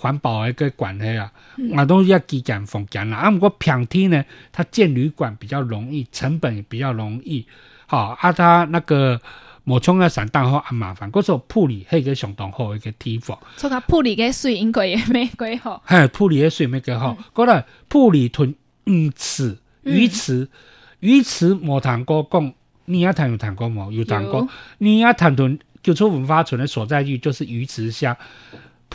環保的一個那個管去啊，那東西要基建風景啦。啊，不過平天呢，它建旅館比較容易，成本也比較容易。好、哦、啊，它那個莫冲要散當後啊麻煩。嗰時候埔里係一個上當好一個地方。從個埔里嘅水應該也蠻貴好。哎、啊，埔里嘅水沒夠好。嗰個埔里吞魚、嗯嗯、池，魚池、嗯、魚池冇聽過，講，你阿糖有聽過冇？有聽過，你阿糖屯就、嗯、出文化村的所在地就是魚池鄉。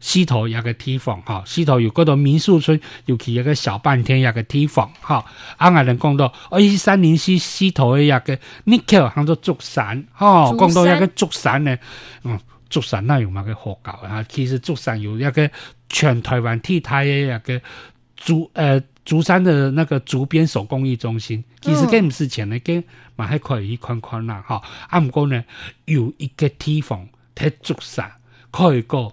溪頭有個地方，哈，溪頭有嗰個民宿村，尤其有一個小半天有個地方，哈、啊。阿有人講到，哦，杉林溪西，溪頭有一個，呢叫叫做竹山，哈、哦。講到一個竹山呢，嗯，竹山哪有嘛個好搞啊？其實竹山有一個全台灣第一個竹，呃，竹山的那個竹編手工藝中心，其實佮唔係錢的，佮蠻、嗯、還可以看看啦，哈、啊。阿唔過呢，有一個地方睇竹山，可以個。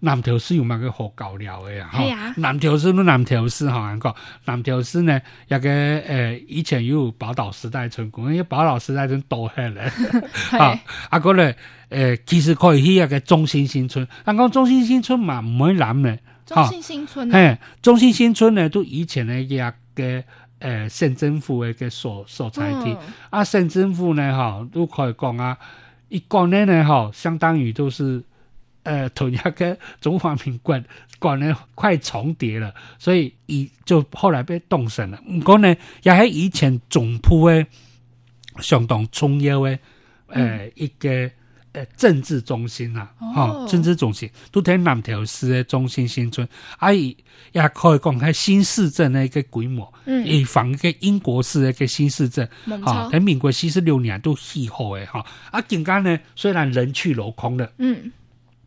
南投市有冇個好搞了的？呀、哦啊嗯？南投市嗰南投市，哈，阿哥，南投市呢一個誒，以前有寶島時代村，因為寶島時代度多下咧。阿哥咧，誒嘿、啊呃，其實可以去一個中興新村。啱講中興新村嘛，唔會冷嘅。中興新村，嘿，中興新村呢都以前呢也有個誒，省、呃、政府嘅嘅所所在地，嗯、啊，省政府呢，哈、哦，都可以講啊，一嗰年呢，哈、哦，相當於都是。呃，同一個中華民國，可能快重疊了，所以以就後來被凍省了。不過呢，也喺以前總部的相當重要的、呃嗯、一個呃，政治中心啊，哦、政治中心都喺南投市的中心新村，啊，亦也可以講喺新市鎮的一個規模，嗯，以防一個英國式嘅新市鎮，吓喺民國四十六年都起好的。吓，啊，景岡呢雖然人去樓空了。嗯。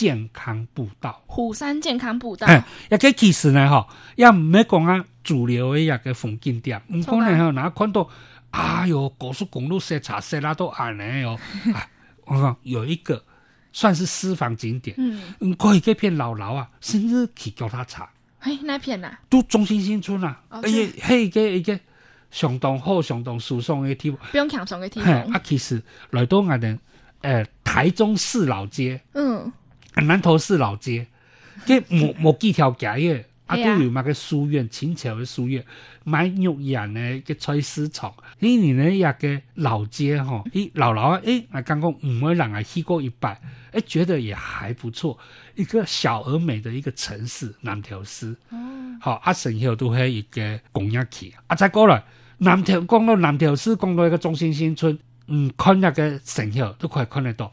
健康步道，虎山健康步道。哎，也其實呢，哈，也沒講啊，主流嗰個風景點。唔可能哈，哪看到啊？有高速公路篩查，篩查都安呢？哦難，我講、哎喔 哎、有一個算是私房景點。嗯，可以去片老樓啊，甚至去叫他查。哎、欸，哪片呢、啊？都中心新村啊，哎嘿、哦，一一個相當好、相當舒爽嘅地方。不用強爽嘅地方。啊，其實來到我哋誒台中市老街。嗯。南投市老街，即無無幾條街嘅，阿都留埋個書院，清朝嘅書院，賣肉人咧嘅菜市場。你你呢，也嘅 老街吼，你、哦、老樓，啊，誒，阿剛剛唔少人係去過一擺，誒、哎，覺得也還不錯。一個小而美的一個城市，南投市。嗯、哦、好、啊，阿成效都會一個工業區。阿、啊、再過來，南投講到南投市，講到一個中心新村，嗯，看那個成效都可以看得到。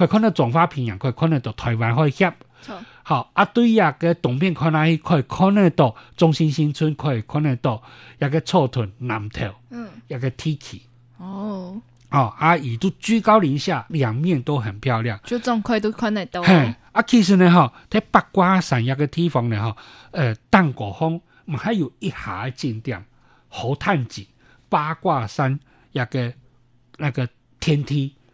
可以看到彰化平原，可以看得到台灣海峽，好一堆嘢嘅東邊可以看到，可以看得到中心新村，可以看得到一個草屯南投，一個梯梯。哦，哦，阿姨都居高臨下，兩面都很漂亮，就種可以看得到。啊，其實呢，嗬，喺八卦山一個地方呢，嗬，誒，丹桂峯唔係有一下景點——猴探井、八卦山一個那個天梯。